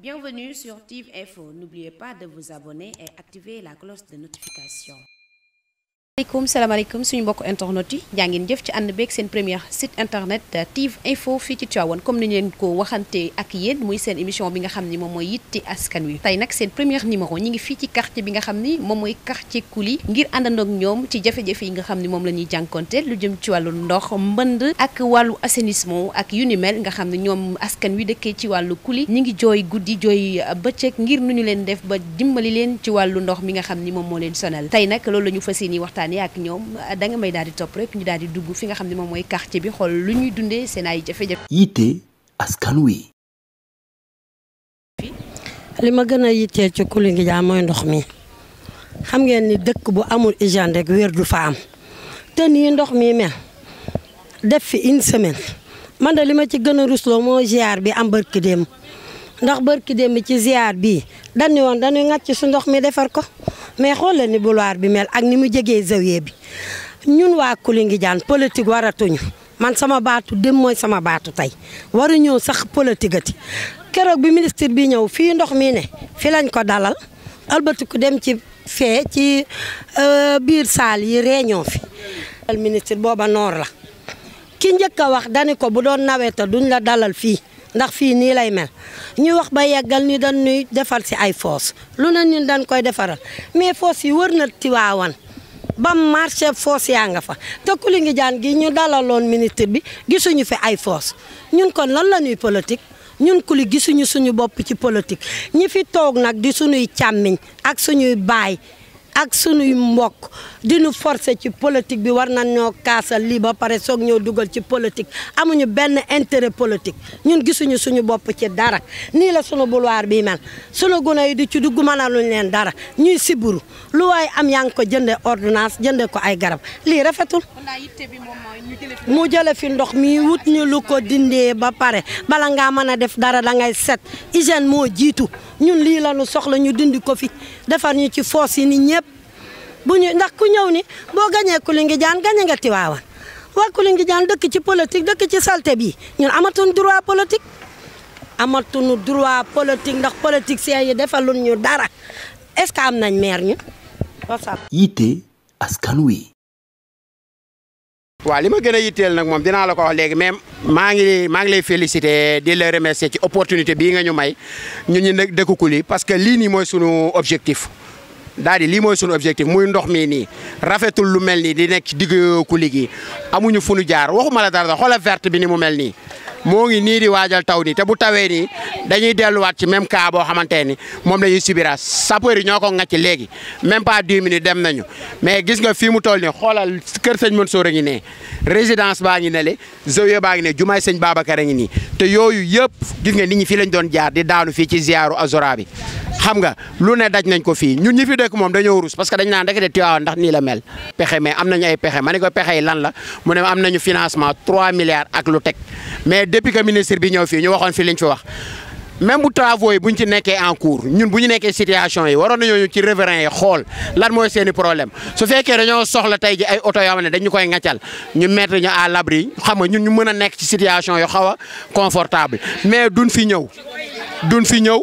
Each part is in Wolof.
Bienvenue sur TIV N'oubliez pas de vous abonner et activer la cloche de notification. maaleykum salaamaaleykum suñu mbokk internet yi jaa ngeen jëf ci ànd beeg seen première site internet euh, tiv info fii ci Tivaouane comme ni leen ko waxante ak yéen muy seen émission bi nga xam ni moom mooy yitte askan wi tey nag seen première numéro ñi ngi fii ci moom mooy quartier Kuli ngir àndandoo ñoom ci jafe-jafe yi nga xam ni moom la ñuy jànkonte lu jëm ci wàllu ndox mbënd ak wàllu assainissement ak yu ni nga xam ne ñoom askan wi dëkkee ci wàllu Kuli ñi ngi jooy guddi jooy bëccëg ngir nu ñu leen def ba dimbali leen ci wàllu ndox mi nga xam ni moom moo leen sonal tey nag waxtaanee ak ñoom da may daal di topp rek ñu daal di dugg fi nga xam ne moom mooy quartier bi xool lu ñuy dundee seen ay jafe-jafe. yitte askan wi. li ma gën a yitteel ci Koulinguidia mooy ndox mi xam ngeen ni dëkk bu amul hygiène rek wér du fa am ndox mi mel def fi une semaine man de li ma ci gën a rusloo moo bi am barki démb ndax barki démb ci ziar bii dañu woon dañuy ŋàcc su ndox mi defar ko mais xool xoolal ni boulevard bi mel ak ni mu jegee zawiya bi ñun waa Koulinguidiane politique waratuñu man sama baatu dem mooy sama baatu tey waruñoo sax politique ati keroog bi ministre bi ñëw fii ndox mi ne fi lañ ko dalal albatiku dem ci fee ci euh, biir saal yi réunion fi ministre booba noor la ki njëkk a wax dani ko bu doon naweta duñ la dalal fii ndax fii nii lay mel ñu wax ba yeggal ni dañ defar si ay foos lu na ñun dañ koy defaral mais foos yi wër na Tiwaawan ba marché foos yaa nga fa te ngi jaan gi ñu dalaloon ministre bi gisuñu fi ay foos ñun kon lan la ñuy politique ñun kuli gisuñu suñu bopp ci politique ñi fi toog nag di suñuy càmmiñ ak suñuy baay ak sunuy mbokk di nu forcer ci politique bi war nañ ñoo kaasal lii ba pare soog ñoo dugal ci politique amuñu benn intérêt politique ñun gisuñu suñu bopp ci dara nii la sunu boulevard bii mel sunu gune yi di ci dugg mënaluñ leen dara ñuy siburu lu waaye am yaa ngi ko jëndee ordonnance jëndee ko ay garab lii rafetul. mu jële fi ndox mi wut ñu lu ko dindee ba pare bala ngaa mën a def dara da ngay set hygiène moo jiitu. ñun lii la ñu soxla ñu dindi ko fi defar ñu ci foos yi ni ñëpp bu ñu ndax ku ñëw ni boo gañee Koulingi Diagne gañe nga Tiwaawan waa Koulingi Diagne dëkk ci politique dëkk ci salte bi ñun amatuñ droit politique amatuñu droit politique ndax politiciens yi defaluñ ñu dara est am nañ maire ñu wasalaam yitte askan wi waaw li ma gën a yitteel nag moom dinaa la ko wax léegi mais maa ngi maa ngi lay féliciter di la remercier ci opportunité bii nga ñu may ñun ñu dëkku Kuli parce que lii nii mooy sunu objectif. daal di lii mooy sunu objectif muy ndox mi nii rafetul lu mel nii di nekk ci digg Kuli gi amuñu fu nu jaar waxuma la dara xoolal verte bi ni mu mel nii. moo ngi nii di waajal taw nii te bu tawee nii dañuy delluwaat ci même cas boo xamante ni moom la ñuy subira sapeur yi ñoo ko ŋàcc léegi même pas 10 dem nañu mais gis nga fii mu toll nii xoolal kër sëñ Mansour a ngi ne résidence baa ngi ne le zawiya baa ngi ne jumaay sëñ Babacar a ngi nii te yooyu yëpp gis nga nit ñi fii lañ doon jaar di daanu fii ci ziaru azora bi xam nga lu ne daj nañ ko fii ñun ñi fi dëkk moom dañoo rus parce que dañ naa rek de Tivaouane ndax nii la mel pexe am nañu ay pexe ma ne ko pexe yi lan la mu ne am nañu financement 3 milliards ak lu teg depuis que ministre bi ñëw fii ñu waxoon fi liñ fi wax même bu travaux yi bu ñu ci nekkee en cours ñun bu ñu nekkee situation yi waroon nañoo ñu ci riverains yi xool lan mooy seen problème su fekkee dañoo soxla tey ji ay oto yoo xam ne dañu koy ŋàccal ñu mettre ñu à l'abri xam nga ñun ñu mën a nekk ci situation yu xaw a confortable mais duñ fi ñëw duñ fi ñëw.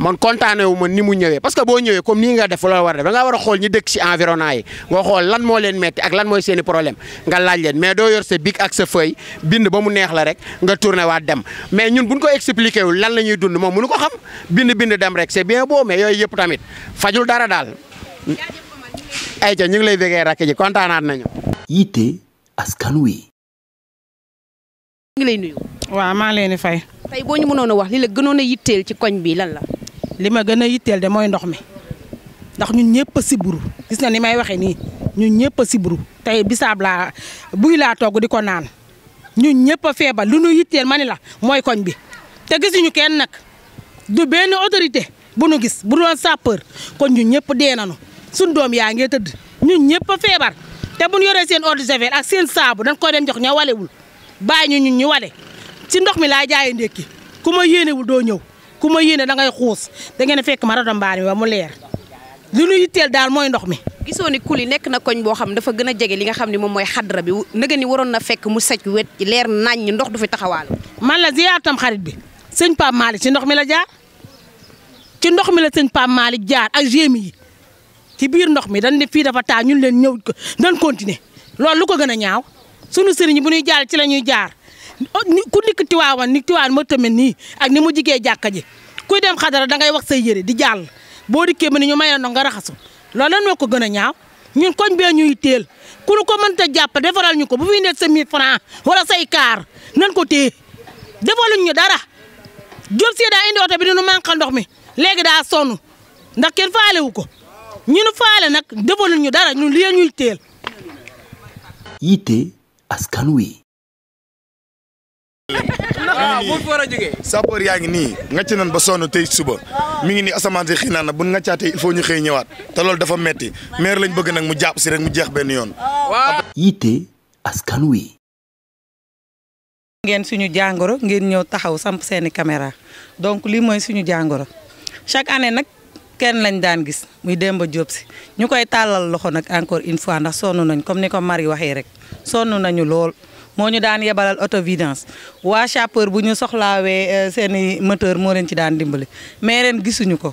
man kontaane wu ma ni mu ñëwee parce que boo ñëwee comme nii nga def loolu war a def da ngaa war a xool ñi dëkk si environnement yi nga xool lan moo leen metti ak lan mooy seen i problème nga laaj leen mais doo yor sa bic ak sa bind ba mu neex la rek nga tourné waat dem mais ñun buñ ko expliqué wul lan la ñuy dund moom nu ko xam bind bind dem rek c'est bien beau mais yooyu yëpp tamit fajul dara daal ay ca ñu ngi lay bégee rakk ji kontaanaat nañu yitte askan wi ngi lay nuyu waaw maa leen di fay boo ñu mënoon a wax li la gënoon a yitteel koñ bi lan la li ma gën a yitteel de mooy ndox mi ndax ñun ñëpp a siburu gis na ni may waxee nii ñu ñëpp a siburu tey bisaab laa buy laa togg di ko naan ñu ñëpp a feebar lu nu yitteel ma ni la mooy koñ bi te gisuñu kenn nag du benn autorité bu nu gis bu doon sapeur kon ñu ñëpp dee nañu suñ doom yaa ngee tëdd ñu ñëpp feebar te bu ñu seen eau a javel ak seen saabu dañ koy dem jox ña walewul bàyyi ñu ñun ñu wale si ndox mi laa jaay ndékki ku ma yéenewul doo ñëw ku ma yéene da ngay xuus da ngeen fekk ma rado mbaani ba mu leer li ñu yitteel daal mooy ndox mi. gisoo ni kuli nekk na koñ boo xam dafa gën a jege li nga xam ne moom mooy xadra bi nëga ni waroon na fekk mu sec wet leer naññ ndox du fi taxawaal. man la ziyaatam xarit bi sëñ Pape Malick ndox mi la jaar ci ndox mi la sëñ Pape Malick jaar ak gémi yi ci biir ndox mi dañ ne fii dafa taa ñun leen ñëw dañ continuer loolu lu ko gën a ñaaw sunu sëriñ bu ñuy jaar ci la ñuy jaar. Oh, ku nikk tiwaawan ni tiwaan ma tamit nii ak ni mu jigee jàkka ji kuy dem xadara dangay wax say yére di jàll boo dikkee ma ni ñu may na nga raxasu loolu nan moo ko gën a ñaaw ñun koñ bee ñuy teel ku nu ko mënta jàpp defaral ñu ko bu fi nekk sa 1000 francs wala say kaar nan ko téye defaluñ ñu dara Diop Sy daa indi oto bi dinu manqal ndox mi léegi daa sonn ndax kenn faale wu ko ñu nu faale nag defaluñ ñu dara ñun li ñuy teel. yitte askan wi. Ah, sapeur yaa ngi nii ngacc nañ ba sonn tey suba ah. mi ngi nii asamaan si xinaan na bu ñu ngaccaatee il faut ñu xëy ñëwaat te loolu dafa metti maire lañ bëgg nag mu jàpp si rek mu jeex benn yoon. Ah. yitte askan wi. ngeen suñu jàngoro ngeen ñëw taxaw samp seeni caméra donc lii mooy suñu jàngoro chaque année nag kenn lañ daan gis muy Demba loxo encore une fois ndax nañ comme ni ko rek nañu Monyo ñu daan yebalal autovidance wa chapeur bu ñu soxlaawee euh, seen moteur mo leen ci daan dimbali mais ren gisunu ko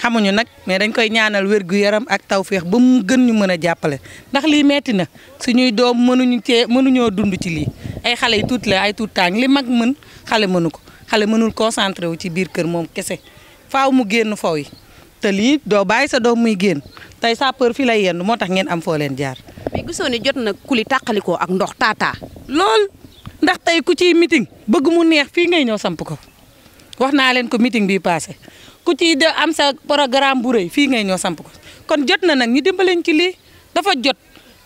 xamuñu nak mais dañ koy ñaanal wër gu yaram ak tawféex bu mu gën ñu mëna jappalé ndax li metti na suñuy doom mënuñu cee mënuñoo dund ci li ay xalé tout la ay tout tang li mag mën xalé mënu ko mënul concentré wu ci biir kër mom kese faaw mu génn faaw yi té li do bay sa doom muy tay sa peur fi lay yenn motax ngeen am fo leen jaar mais gisoo ne jot na kuli tàqalikoo ak ndox taataa. lool ndax tey ku ci meeting bëgg mu neex fii ngay ñëw samp ko wax naa leen ko meeting bi passé ku ciy de am sa programme bu fii ngay ñëw samp ko kon jot na nag ñu dimbaleñ ci lii dafa jot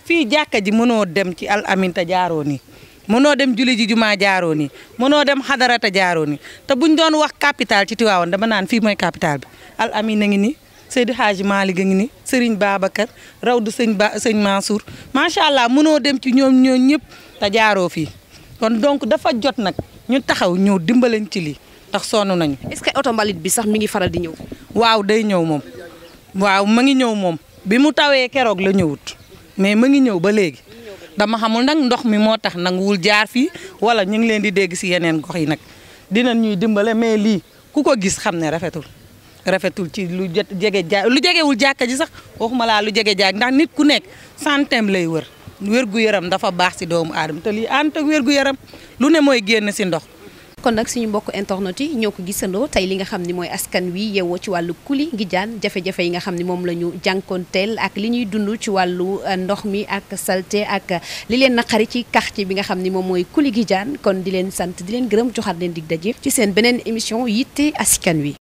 fii jàkka ji mënoo dem ci al aminta jaaroo nii mënoo dem julli ji jumaa jaaroo nii mënoo dem xadarata jaaroo ni te buñ doon wax capital ci Tiwaawan dama naan fii mooy capital bi al amin na ngi nii seydou Hadji malik ngi ni Serigne Babacar Rawdu serigne ba sëñ Mansour macha allah mënoo dem ci ñoom ñoom ñëpp ta jaaro fi kon donc dafa jot nak ñu taxaw ñëw dimbalañ ci lii ndax sonn nañu. est-ce que auto mbalit bi sax mi ngi faral di ñew waaw day ñew mom waaw ma ngi ñew mom bi mu tawé kérok la ñewut mais ma ngi ñew ba légui dama xamul nak ndox mi tax jaar fi wala ñing leen di dégg ci yenen gox yi nak dinañ ñuy dimbale mais li ku ko gis xamné rafetul ci lu jege ja lu jegewul jàkka ji sax waxuma laa lu jege jaak ndax nit ku nekk santem lay wër wér-gu-yaram dafa baax si doomu aadama te lii ànd ak wér-gu-yaram lu ne mooy génn si ndox kon nag suñu mbokk internet yi ñoo ko gisandoo tey li nga xam ni mooy askan wi yeewoo ci wàllu kuli ngi jaan jafe yi nga xam ne moom la ñu jànkoonteel ak li ñuy dund ci wàllu euh, ndox mi ak salte ak li leen naqari ci quartier bi nga xam ni moom mooy kuli gi jaan kon di leen sant di leen gërëm joxaat leen dig daje ci seen beneen émission yitte askan wi